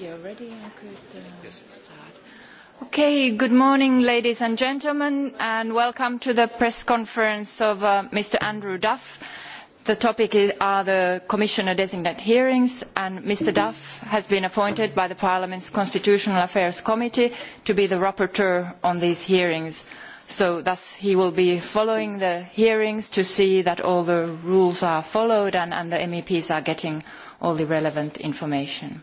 here already. I could uh, yes. start. Okay, good morning, ladies and gentlemen, and welcome to the press conference of uh, Mr. Andrew Duff. The topic is, are the Commissioner designate hearings, and Mr. Duff has been appointed by the Parliament's Constitutional Affairs Committee to be the rapporteur on these hearings. So thus he will be following the hearings to see that all the rules are followed and, and the MEPs are getting all the relevant information.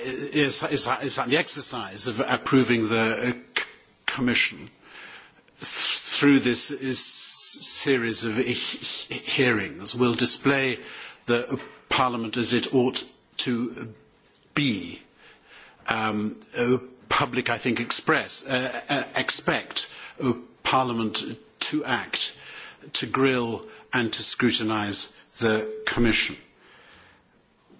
is, is, is the exercise of approving the uh, Commission through this is series of hearings will display the Parliament as it ought to be. Um, uh, public, I think, express, uh, uh, expect uh, Parliament to act, to grill and to scrutinise the Commission. Uh,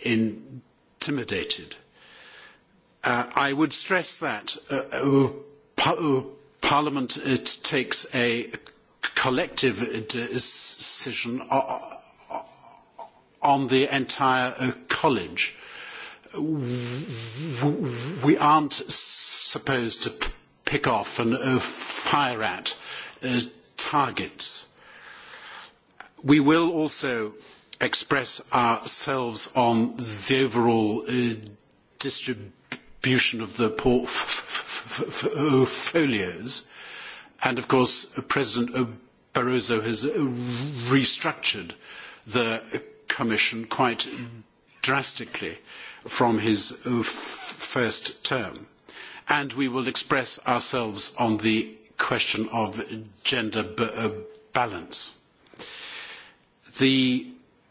intimidated. Uh, I would stress that uh, uh par uh, Parliament it takes a collective decision uh, on the entire college. We aren't supposed to pick off and fire at targets. We will also express ourselves on the overall uh, distribution of the portfolios. And of course, President Barroso has restructured the Commission quite drastically from his first term. And we will express ourselves on the question of gender uh, balance. The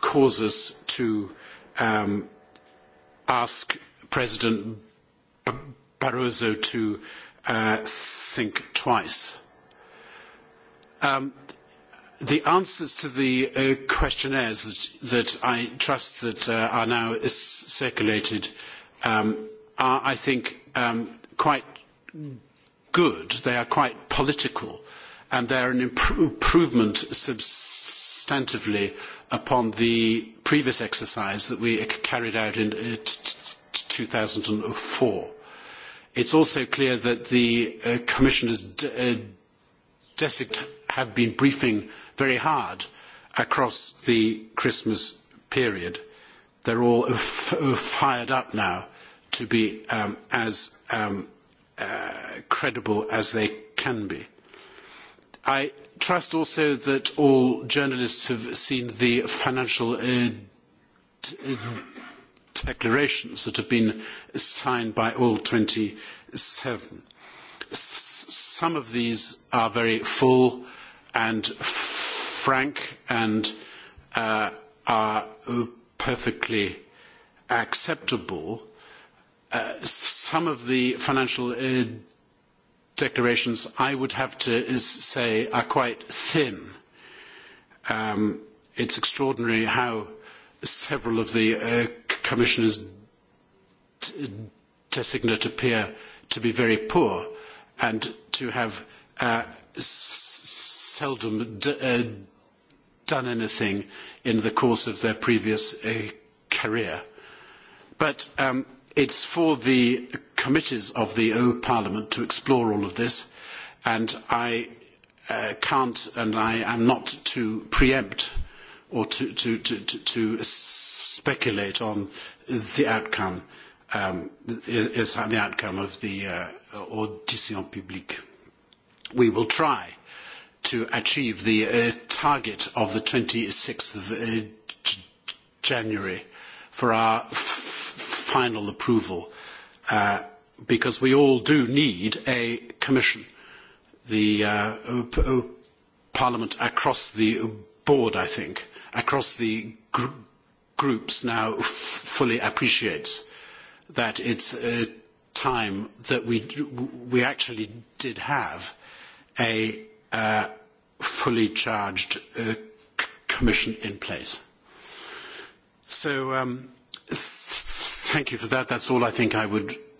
cause us to um, ask President Barroso to uh, think twice. Um, the answers to the uh, questionnaires that, that I trust that uh, are now circulated um, are, I think, um, quite good. They are quite political. Uh, and they're an improvement substantively upon the previous exercise that we carried out in 2004. Uh, It's also clear that the uh, commissioners de uh, designate have been briefing very hard across the Christmas period. They're all f- fired up now to be um, as um, uh, credible as they can be. I trust also that all journalists have seen the financial uh, t- uh, declarations that have been signed by all 27. S- some of these are very full and f- frank and uh, are perfectly acceptable. Uh, some of the financial uh, declarations, I would have to say, are quite thin. Um, it's extraordinary how several of the uh, commissioners designate appear to be very poor and to have uh, seldom d- uh, done anything in the course of their previous uh, career. But um, it's for the committees of the uh, Parliament to explore all of this, and I uh, can't and I am not to preempt or to, to, to, to, to speculate on the outcome, um, is the outcome of the uh, audition publique. We will try to achieve the uh, target of the 26th of uh, January for our final approval uh, because we all do need a commission. The uh, p- oh, Parliament across the board, I think, across the gr- groups now f- fully appreciates that it's uh, time that we we actually did have a uh, fully charged uh, c- commission in place. So um, s- thank you for that. That's all I think I would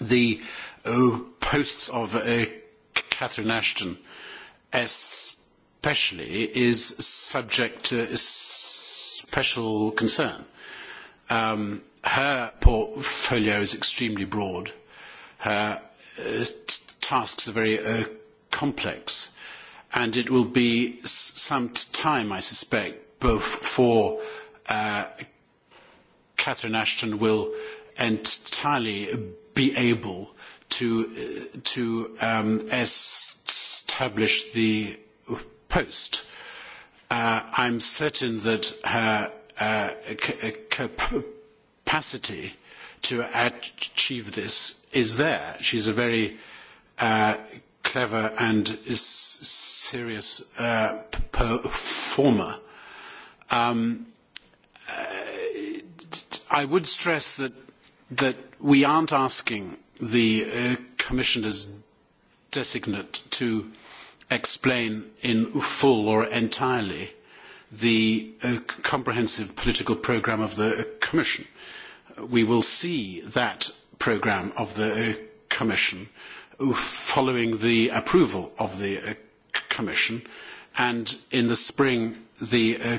the uh, posts of uh, Catherine Ashton, especially, is subject to special concern. Um, her portfolio is extremely broad. Her uh, t- tasks are very uh, complex. And it will be s- some t- time, I suspect, before uh, Catherine Ashton will entirely be able to, uh, to um, establish the post. Uh, I'm certain that her uh, uh capacity to achieve this is there. She's a very uh, clever and serious uh, performer. Um, uh, I would stress that that we aren't asking the uh, commissioners designate to explain in full or entirely the uh, comprehensive political programme of the uh, Commission. We will see that programme of the uh, Commission following the approval of the uh, Commission and in the spring the uh,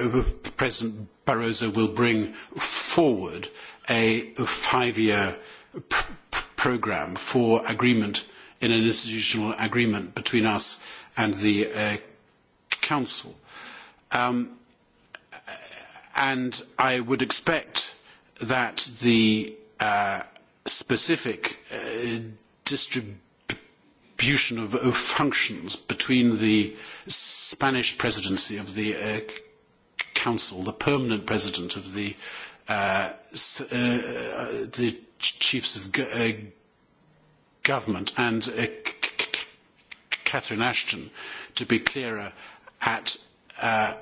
uh President Barroso will bring forward a five-year pr- pr- program for agreement in an institutional agreement between us and the uh, council. Um, and I would expect that the uh, specific uh, distribution of, of functions between the Spanish presidency of the uh, Council, the permanent president of the uh, uh, s- uh, the chiefs of go- uh, government and uh, c- c- Catherine Ashton to be clearer at uh,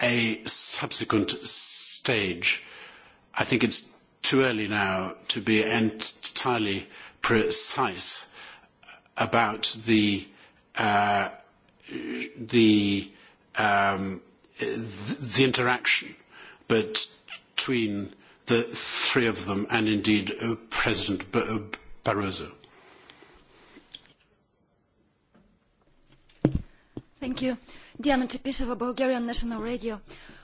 a subsequent stage. I think it's too early now to be entirely precise about the uh, the um, the interaction, but between the three of them and indeed uh, President B- uh, Barroso? Thank you. Diana Tepisova, Bulgarian National Radio.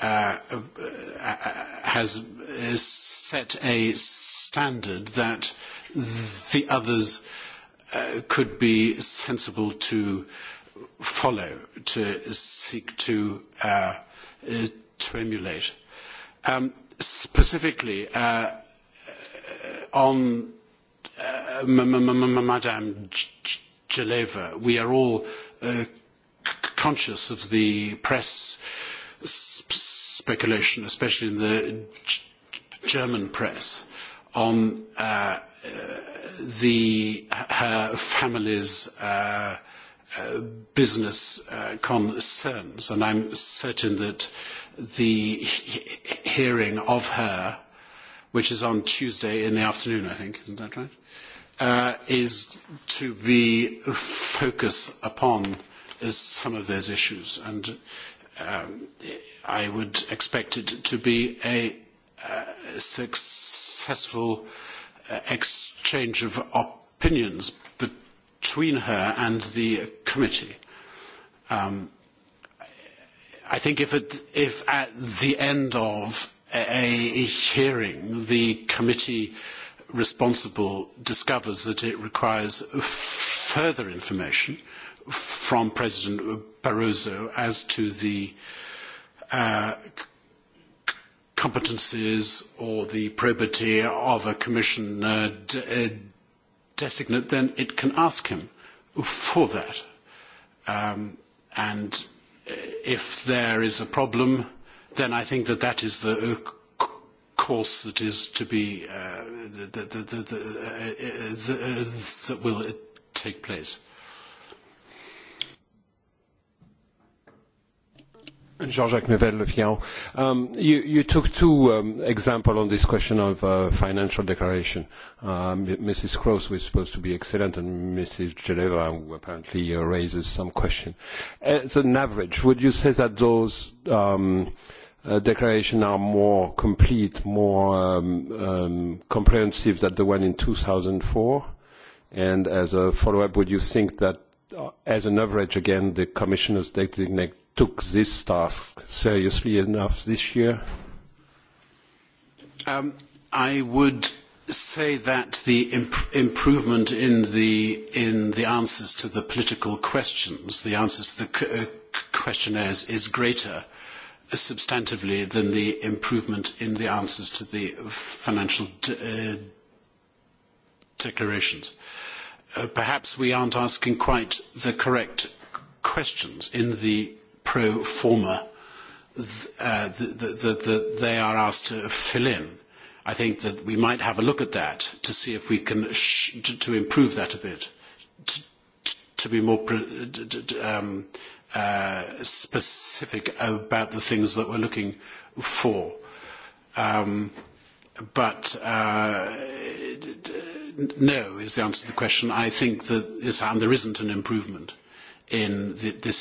Uh, uh, has set a standard that the others uh, could be sensible to follow, to seek to uh, uh, to emulate. Um, specifically uh, uh on uh, Madame Geleva, we are all uh, conscious of the press uh, sp- speculation, especially in the g- German press, on uh, uh, the her family's uh, uh, business uh, concerns, and I'm certain that the he- hearing of her, which is on Tuesday in the afternoon, I think, isn't that right? Uh, is to be focus upon is some of those issues, and um, I would expect it to be a uh, successful uh, exchange of opinions between her and the committee. Um, I think if, it, if at the end of a, a hearing the committee responsible discovers that it requires further information from President Barroso as to the uh, competencies or the probity of a commission uh, d- uh, designate, then it can ask him for that. Um, and if there is a problem, then I think that that is the uh, course that is to be uh, the, the, the, the, the, uh, uh, the, uh, that will uh, take place. Jean-Jacques Mevel, Le Figaro. Um, you, you took two um, examples on this question of uh, financial declaration. Uh, um, Mrs. Cross was supposed to be excellent, and Mrs. Geneva, who apparently uh, raises some question. As an average, would you say that those um, uh, declarations are more complete, more um, um, comprehensive than the one in 2004? And as a follow-up, would you think that, uh, as an average, again, the commissioners designate took this task seriously enough this year? Um, I would say that the imp improvement in the in the answers to the political questions, the answers to the uh, questionnaires, is greater substantively than the improvement in the answers to the financial de uh, declarations. Uh, perhaps we aren't asking quite the correct questions in the pro forma uh, that, that, that they are asked to fill in. I think that we might have a look at that to see if we can sh- to, to improve that a bit, to, to be more pre- um, uh, specific about the things that we're looking for. Um, but uh, no is the answer to the question. I think that this, and there isn't an improvement in the, this